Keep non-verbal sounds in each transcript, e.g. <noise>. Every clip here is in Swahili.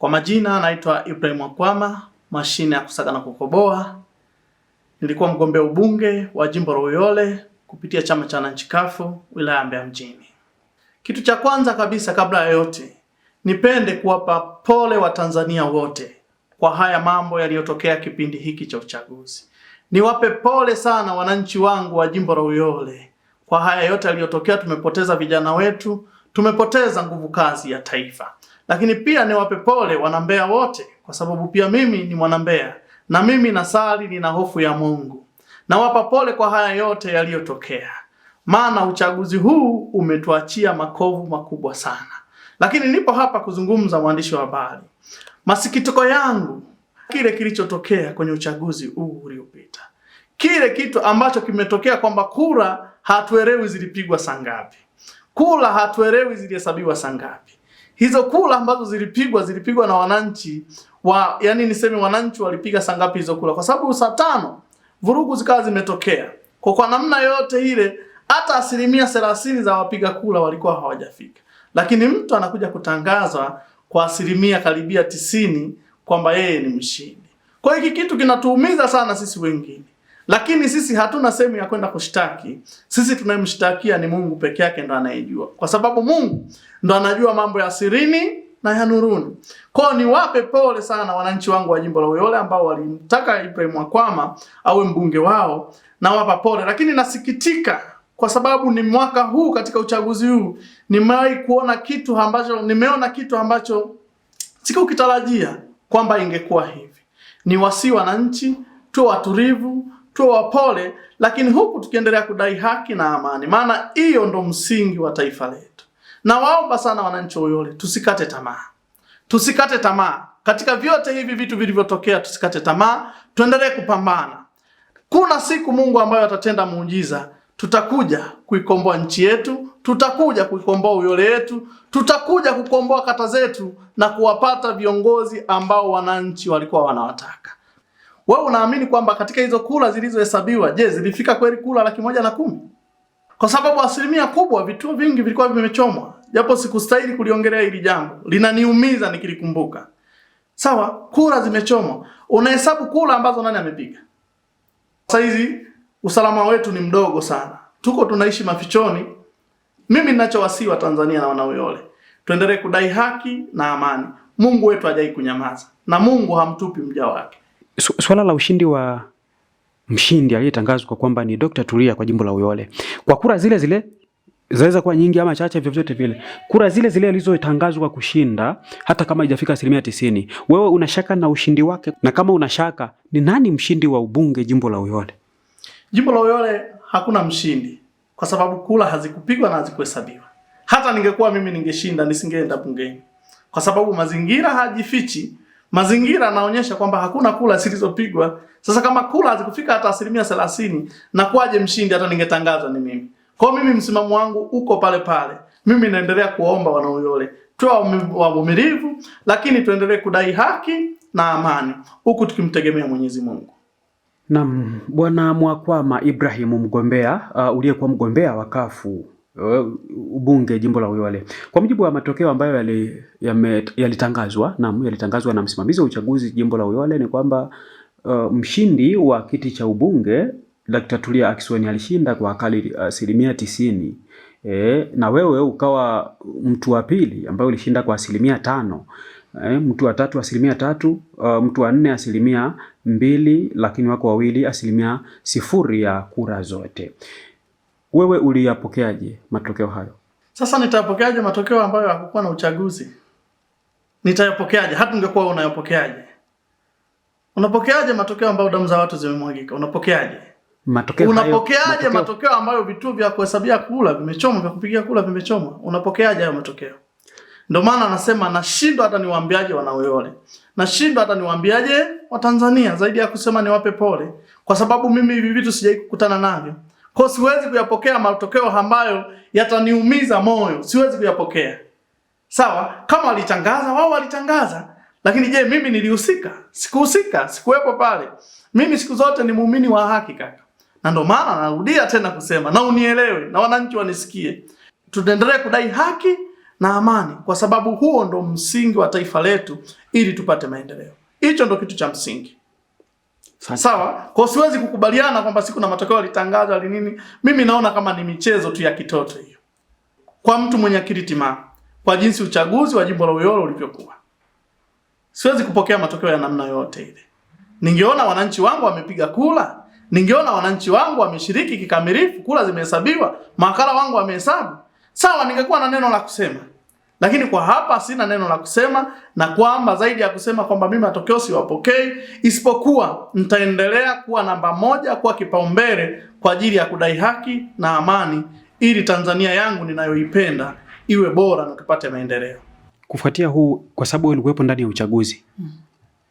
Kwa majina naitwa Ibrahim Wakwama, mashine ya kusaga na kukoboa. Nilikuwa mgombea ubunge wa jimbo la Uyole kupitia chama cha wananchi kafu wilaya ya Mbeya mjini. Kitu cha kwanza kabisa, kabla ya yote, nipende kuwapa pole Watanzania wote kwa haya mambo yaliyotokea kipindi hiki cha uchaguzi. Niwape pole sana wananchi wangu wa jimbo la Uyole kwa haya yote yaliyotokea. Tumepoteza vijana wetu, tumepoteza nguvu kazi ya taifa. Lakini pia niwape pole wanambea wote, kwa sababu pia mimi ni mwanambea na mimi nasali, nina hofu ya Mungu. Nawapa pole kwa haya yote yaliyotokea, maana uchaguzi huu umetuachia makovu makubwa sana. Lakini nipo hapa kuzungumza, mwandishi wa habari, masikitiko yangu kile kilichotokea kwenye uchaguzi huu uliopita, kile kitu ambacho kimetokea kwamba kura hatuelewi zilipigwa sangapi, kura hatuelewi zilihesabiwa sangapi hizo kula ambazo zilipigwa zilipigwa na wananchi wa, yani niseme wananchi walipiga saa ngapi hizo kula? Kwa sababu saa tano vurugu zikawa zimetokea kwa kwa namna yoyote ile, hata asilimia thelathini za wapiga kula walikuwa hawajafika, lakini mtu anakuja kutangaza kwa asilimia karibia tisini kwamba yeye ni mshindi. Kwa hiyo hiki kitu kinatuumiza sana sisi wengine. Lakini sisi hatuna sehemu ya kwenda kushtaki. Sisi tunayemshtakia ni Mungu peke yake, ndo anayejua, kwa sababu Mungu ndo anajua mambo ya sirini na ya nuruni. Kwao niwape pole sana wananchi wangu wa jimbo la Uyole ambao walimtaka Ibrahim Wakwama awe mbunge wao, nawapa pole, lakini nasikitika kwa sababu ni mwaka huu katika uchaguzi huu nimewahi kuona kitu ambacho nimeona kitu ambacho sikukitarajia kwamba ingekuwa hivi. Ni wasi wananchi tu watulivu tuwe wapole, lakini huku tukiendelea kudai haki na amani, maana hiyo ndo msingi wa taifa letu. Nawaomba sana wananchi wa Uyole, tusikate tamaa, tusikate tamaa katika vyote hivi vitu vilivyotokea, tusikate tamaa, tuendelee kupambana. Kuna siku Mungu ambayo atatenda muujiza, tutakuja kuikomboa nchi yetu, tutakuja kuikomboa Uyole yetu, tutakuja kukomboa kata zetu na kuwapata viongozi ambao wananchi walikuwa wanawataka wewe unaamini kwamba katika hizo kura zilizohesabiwa, je, zilifika kweli kura laki moja na kumi? Kwa sababu asilimia kubwa, vituo vingi vilikuwa vimechomwa. Japo sikustahili kuliongelea hili jambo, linaniumiza nikilikumbuka. Sawa, kura zimechomwa, unahesabu kura ambazo nani amepiga? Sasa hizi usalama wetu ni mdogo sana, tuko tunaishi mafichoni. Mimi ninachowasii wa Tanzania na wanauyole, tuendelee kudai haki na amani. Mungu wetu hajai kunyamaza na Mungu hamtupi mja wake su, suala la ushindi wa mshindi aliyetangazwa kwamba ni Dr. Tulia kwa jimbo la Uyole kwa kura zile zile zaweza kuwa nyingi ama chache, vyovyote vile, kura zile zile alizotangazwa kushinda, hata kama haijafika asilimia tisini, wewe unashaka na ushindi wake? Na kama unashaka, ni nani mshindi wa ubunge jimbo la Uyole? Jimbo la Uyole hakuna mshindi kwa sababu kura hazikupigwa na hazikuhesabiwa. Hata ningekuwa mimi ningeshinda, nisingeenda bungeni kwa sababu mazingira hajifichi. Mazingira yanaonyesha kwamba hakuna kula zilizopigwa. Sasa kama kula hazikufika hata asilimia thelathini, na kwaje mshindi? Hata ningetangazwa ni mimi. Kwa mimi msimamo wangu uko pale pale. Mimi naendelea kuwaomba wanauyole tuwa wavumilivu, lakini tuendelee kudai haki na amani, huku tukimtegemea Mwenyezi Mungu. Naam, Bwana Mwakwama Ibrahimu, mgombea uh, mgombea wa Uh, ubunge jimbo la Uyole. Kwa mujibu wa matokeo ambayo yalitangazwa yali na yalitangazwa na msimamizi wa uchaguzi jimbo la Uyole ni kwamba uh, mshindi wa kiti cha ubunge Dr. Tulia Ackson alishinda kwa akali uh, asilimia uh, tisini. E, na wewe ukawa mtu wa pili ambaye ulishinda kwa asilimia tano. E, mtu wa tatu asilimia tatu, uh, mtu wa nne asilimia mbili, lakini wako wawili asilimia sifuri ya kura zote. Wewe uliyapokeaje matokeo hayo? Sasa nitayapokeaje matokeo ambayo hakukuwa na uchaguzi? Nitayapokeaje? Hata ungekuwa unayapokeaje? Unapokeaje matokeo ambayo damu za watu zimemwagika? Unapokeaje? Matokeo unapokeaje hayo, matokeo, matokeo ambayo vituo vya kuhesabia kula vimechomwa, vya kupigia kula vimechomwa. Unapokeaje hayo matokeo? Ndio maana anasema nashindwa hata niwaambiaje wanaoyole. Nashindwa hata niwaambiaje Watanzania zaidi ya kusema niwape pole kwa sababu mimi hivi vitu sijai kukutana navyo. Kwa siwezi kuyapokea matokeo ambayo yataniumiza moyo, siwezi kuyapokea. Sawa, kama walitangaza wao walitangaza, lakini je, mimi nilihusika? Sikuhusika, sikuwepo pale. Mimi siku zote ni muumini wa haki kaka, na ndio maana narudia tena kusema na unielewe na wananchi wanisikie, tutaendelea kudai haki na amani, kwa sababu huo ndo msingi wa taifa letu, ili tupate maendeleo. Hicho ndo kitu cha msingi. Sawa? Kwa siwezi kukubaliana kwamba siku na matokeo yalitangazwa li nini. Mimi naona kama ni michezo tu ya kitoto hiyo. Kwa mtu mwenye akili timamu, kwa jinsi uchaguzi wa jimbo la Uyole ulivyokuwa. Siwezi kupokea matokeo ya namna yote ile. Ningeona wananchi wangu wamepiga kula, ningeona wananchi wangu wameshiriki kikamilifu, kula zimehesabiwa, mawakala wangu wamehesabu. Sawa, ningekuwa na neno la kusema. Lakini kwa hapa sina neno la kusema, na kwamba zaidi ya kusema kwamba mimi matokeo siwapokei, isipokuwa nitaendelea kuwa namba moja kwa kipaumbele kwa ajili ya kudai haki na amani, ili Tanzania yangu ninayoipenda iwe bora na tupate maendeleo. Kufuatia huu, kwa sababu wewe ulikuwepo ndani ya uchaguzi mm.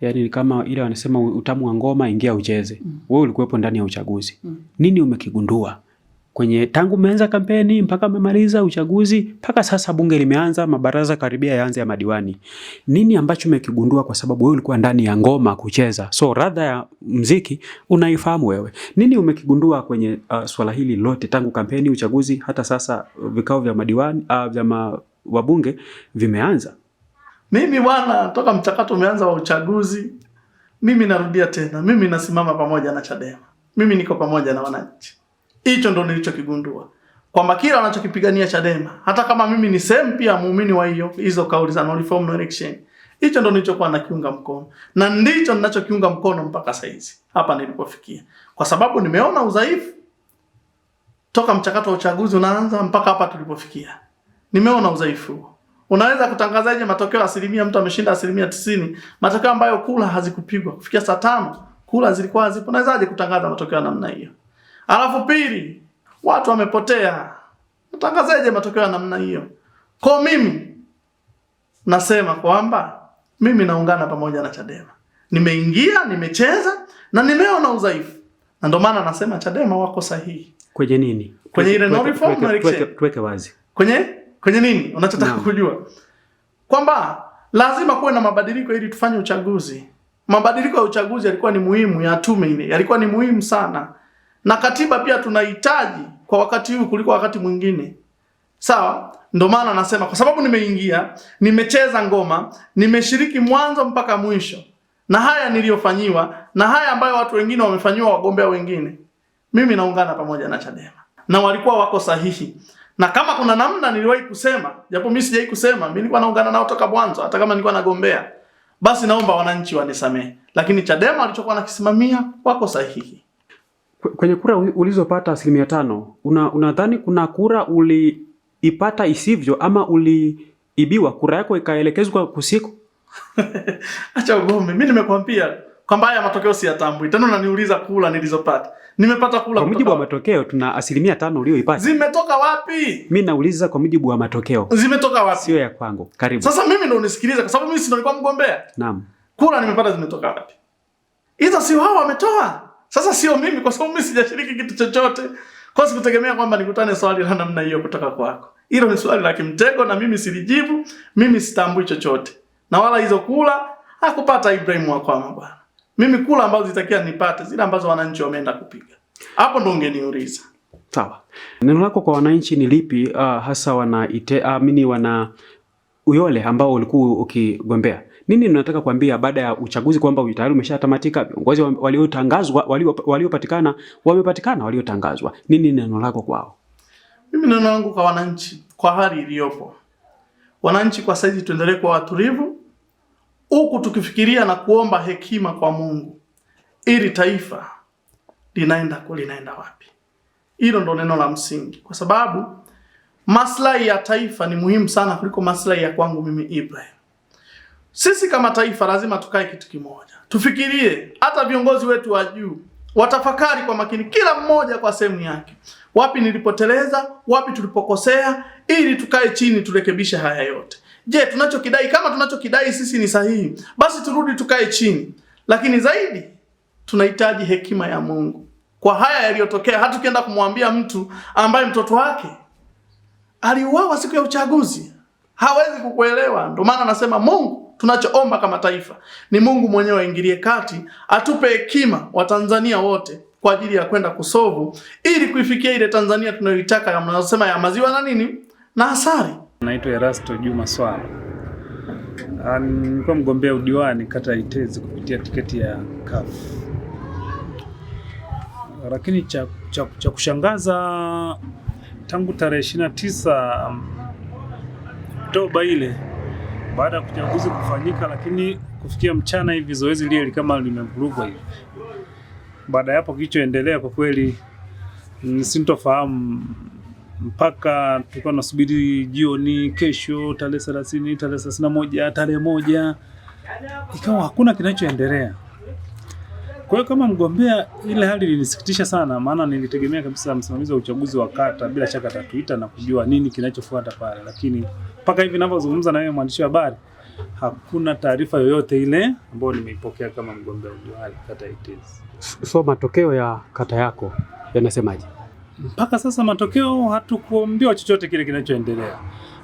Yaani ni kama ile wanasema utamu wa ngoma ingia ucheze. Mm. Wewe mm. ulikuwepo ndani ya uchaguzi mm. nini umekigundua? kwenye tangu umeanza kampeni mpaka umemaliza uchaguzi mpaka sasa bunge limeanza, mabaraza karibia yaanze ya madiwani, nini ambacho umekigundua? Kwa sababu wewe ulikuwa ndani ya ngoma kucheza, so radha ya mziki unaifahamu wewe. Nini umekigundua kwenye uh, swala hili lote tangu kampeni, uchaguzi, hata sasa uh, vikao vya madiwani uh, vya ma, wabunge vimeanza? Mimi bwana, toka mchakato umeanza wa uchaguzi, mimi narudia tena, mimi nasimama pamoja na Chadema, mimi niko pamoja na wananchi Hicho ndo nilichokigundua kwamba kile wanachokipigania Chadema, hata kama mimi ni sehemu pia muumini wa hiyo hizo kauli za no reform no election, hicho ndo nilichokuwa nakiunga mkono na ndicho ninachokiunga mkono mpaka saizi hapa nilipofikia, kwa sababu nimeona udhaifu toka mchakato wa uchaguzi unaanza mpaka hapa tulipofikia. Nimeona udhaifu. Unaweza kutangazaje matokeo asilimia, mtu ameshinda asilimia tisini, matokeo ambayo kula hazikupigwa kufikia saa tano, kula zilikuwa hazipo. Unawezaje kutangaza matokeo ya namna hiyo? Alafu pili, watu wamepotea. Natangazaje matokeo ya namna hiyo? Kwa mimi nasema kwamba mimi naungana pamoja na Chadema. Nimeingia, nimecheza na nimeona udhaifu. Na ndio maana nasema Chadema wako sahihi. Kwenye nini? Kwenye ile no reform na election. Tuweke wazi. Kwenye kwenye nini? Unachotaka no. kujua. Kwamba lazima kuwe na mabadiliko ili tufanye uchaguzi. Mabadiliko ya uchaguzi yalikuwa ni muhimu ya tume ile. Yalikuwa ni muhimu sana na katiba pia tunahitaji kwa wakati huu kuliko wakati mwingine, sawa. Ndio maana nasema kwa sababu nimeingia, nimecheza ngoma, nimeshiriki mwanzo mpaka mwisho, na haya niliyofanyiwa na haya ambayo watu wengine wamefanyiwa, wagombea wengine, mimi naungana pamoja na Chadema na walikuwa wako sahihi. Na kama kuna namna niliwahi kusema, japo mimi sijai kusema, mimi nilikuwa naungana nao toka mwanzo, hata kama nilikuwa nagombea, basi naomba wananchi wanisamehe, lakini Chadema walichokuwa nakisimamia wako sahihi. Kwenye kura ulizopata asilimia tano, unadhani una kuna kura uliipata isivyo ama uliibiwa, kura yako ikaelekezwa kusiku? <laughs> Acha ugomvi. Mimi nimekwambia kwamba haya matokeo siyatambui tena, unaniuliza kula nilizopata. Nimepata kula kwa mujibu wa matokeo, tuna asilimia tano uliyoipata, Zimetoka wapi? Mimi nauliza kwa mujibu wa matokeo, zimetoka wapi? Sio ya kwangu. Karibu sasa, mimi ndo unisikiliza, kwa sababu mimi si ndo nilikuwa mgombea. Naam, kula nimepata zimetoka wapi? Hizo si wao wametoa sasa sio mimi kwa sababu mimi sijashiriki kitu chochote. Kwa sababu sikutegemea kwamba nikutane swali la namna hiyo kutoka kwako. Hilo ni swali la kimtego na mimi silijibu, mimi sitambui chochote. Na wala hizo kula hakupata Ibrahimu wa kwama bwana. Mimi kula ambazo zitakia nipate zile ambazo wananchi wameenda kupiga. Hapo ndo ungeniuliza. Sawa. Neno lako kwa wananchi ni lipi? Uh, hasa wana ite, uh, ah, mini wana Uyole ambao ulikuwa ukigombea nini ninataka kuambia baada ya uchaguzi kwamba tayari umeshatamatika, viongozi waliotangazwa waliopatikana wamepatikana, waliotangazwa. Nini neno lako kwao? Mimi neno langu kwa wananchi, kwa hali iliyopo, wananchi kwa saizi, tuendelee kuwa watulivu, huku tukifikiria na kuomba hekima kwa Mungu ili taifa linaenda kwa linaenda wapi. Hilo ndo neno la msingi, kwa sababu maslahi ya taifa ni muhimu sana kuliko maslahi ya kwangu mimi Ibrahim. Sisi kama taifa lazima tukae kitu kimoja, tufikirie. Hata viongozi wetu wa juu watafakari kwa makini, kila mmoja kwa sehemu yake, wapi nilipoteleza, wapi tulipokosea, ili tukae chini turekebishe haya yote. Je, tunachokidai kama tunachokidai sisi ni sahihi, basi turudi tukae chini, lakini zaidi tunahitaji hekima ya Mungu kwa haya yaliyotokea. Hatukienda kumwambia mtu ambaye mtoto wake aliuawa siku ya uchaguzi, hawezi kukuelewa. Ndio maana anasema Mungu Tunachoomba kama taifa ni Mungu mwenyewe aingilie kati, atupe hekima Watanzania wote kwa ajili ya kwenda kusovu ili kuifikia ile Tanzania tunayoitaka kama tunasema ya maziwa na nini na asali. Naitwa Erasto Juma Swala. Ah, nilikuwa mgombea udiwani kata ya Itezi kupitia tiketi ya CUF. Lakini cha, cha, cha kushangaza tangu tarehe 29 um, Oktoba ile baada ya uchaguzi kufanyika, lakini kufikia mchana hivi zoezi lile kama limevurugwa hivi. Baada ya hapo kilichoendelea kwa kweli sintofahamu mpaka tulikuwa tunasubiri jioni, kesho tarehe 30, tarehe 31, tarehe moja, ikawa hakuna kinachoendelea. Kwa hiyo kama mgombea, ile hali ilinisikitisha sana, maana nilitegemea kabisa msimamizi wa uchaguzi wa kata bila shaka atatuita na kujua nini kinachofuata pale, lakini mpaka hivi ninavyozungumza na wewe mwandishi wa habari, hakuna taarifa yoyote ile ambayo nimeipokea kama mgombea udiwani kata Itezi. So matokeo ya kata yako yanasemaje? Mpaka sasa matokeo hatukuambiwa chochote kile kinachoendelea,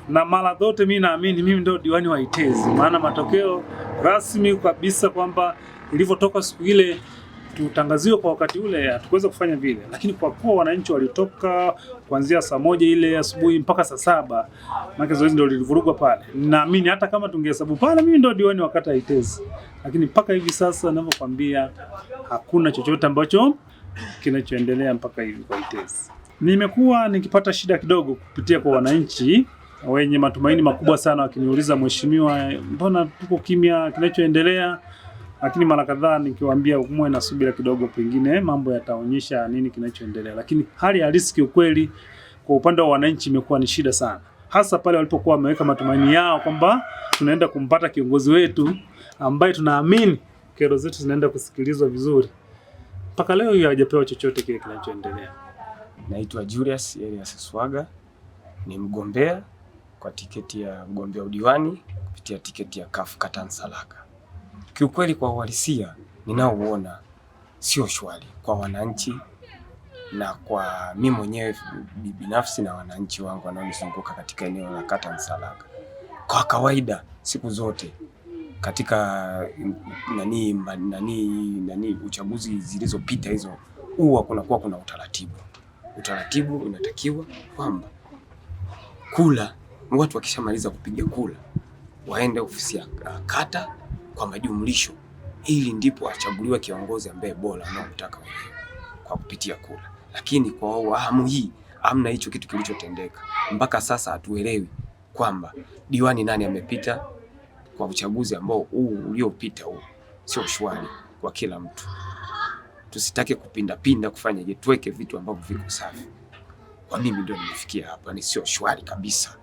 na mara zote mimi naamini mimi ndio diwani wa Itezi, maana matokeo rasmi kabisa kwamba ilivyotoka siku ile tutangaziwe kwa wakati ule, hatukuweza kufanya vile, lakini kwa kuwa wananchi walitoka kuanzia saa moja ile asubuhi mpaka saa saba maana zoezi ndio lilivurugwa pale. Naamini hata kama tungehesabu pale, mimi ndio diwani wakati Itezi, lakini mpaka hivi sasa ninavyokuambia, hakuna chochote ambacho kinachoendelea mpaka hivi kwa Itezi. Nimekuwa nikipata shida kidogo kupitia kwa wananchi wenye matumaini makubwa sana, wakiniuliza mheshimiwa, mbona tuko kimya, kinachoendelea lakini mara kadhaa nikiwaambia muwe na subira kidogo, pengine mambo yataonyesha nini kinachoendelea. Lakini hali halisi kiukweli, kwa upande wa wananchi imekuwa ni shida sana, hasa pale walipokuwa wameweka matumaini yao kwamba tunaenda kumpata kiongozi wetu ambaye tunaamini kero zetu zinaenda kusikilizwa vizuri. Mpaka leo hiyo chochote kile kinachoendelea. Naitwa Julius Elias Swaga, ni mgombea kwa tiketi ya mgombea udiwani kupitia tiketi ya CUF Kata Nsalaka kiukweli kwa uhalisia ninaouona sio shwari kwa wananchi na kwa mimi mwenyewe binafsi na wananchi wangu wanaonizunguka katika eneo la kata Msalaka. Kwa kawaida siku zote katika nani nani nani uchaguzi zilizopita hizo huwa kuwa kuna utaratibu. Utaratibu unatakiwa kwamba kula, watu wakishamaliza kupiga kula waende ofisi ya kata kwa majumlisho, ili ndipo achaguliwa kiongozi ambaye bora unaomtaka wewe kwa kupitia kula Lakini kwa awamu hii hamna hicho kitu kilichotendeka mpaka sasa. Hatuelewi kwamba diwani nani amepita kwa uchaguzi ambao huu uliopita, huu sio shwari kwa kila mtu. Tusitake kupindapinda kufanya je, tuweke vitu ambavyo viko safi. Kwa mimi ndio nimefikia hapa, ni sio shwari kabisa.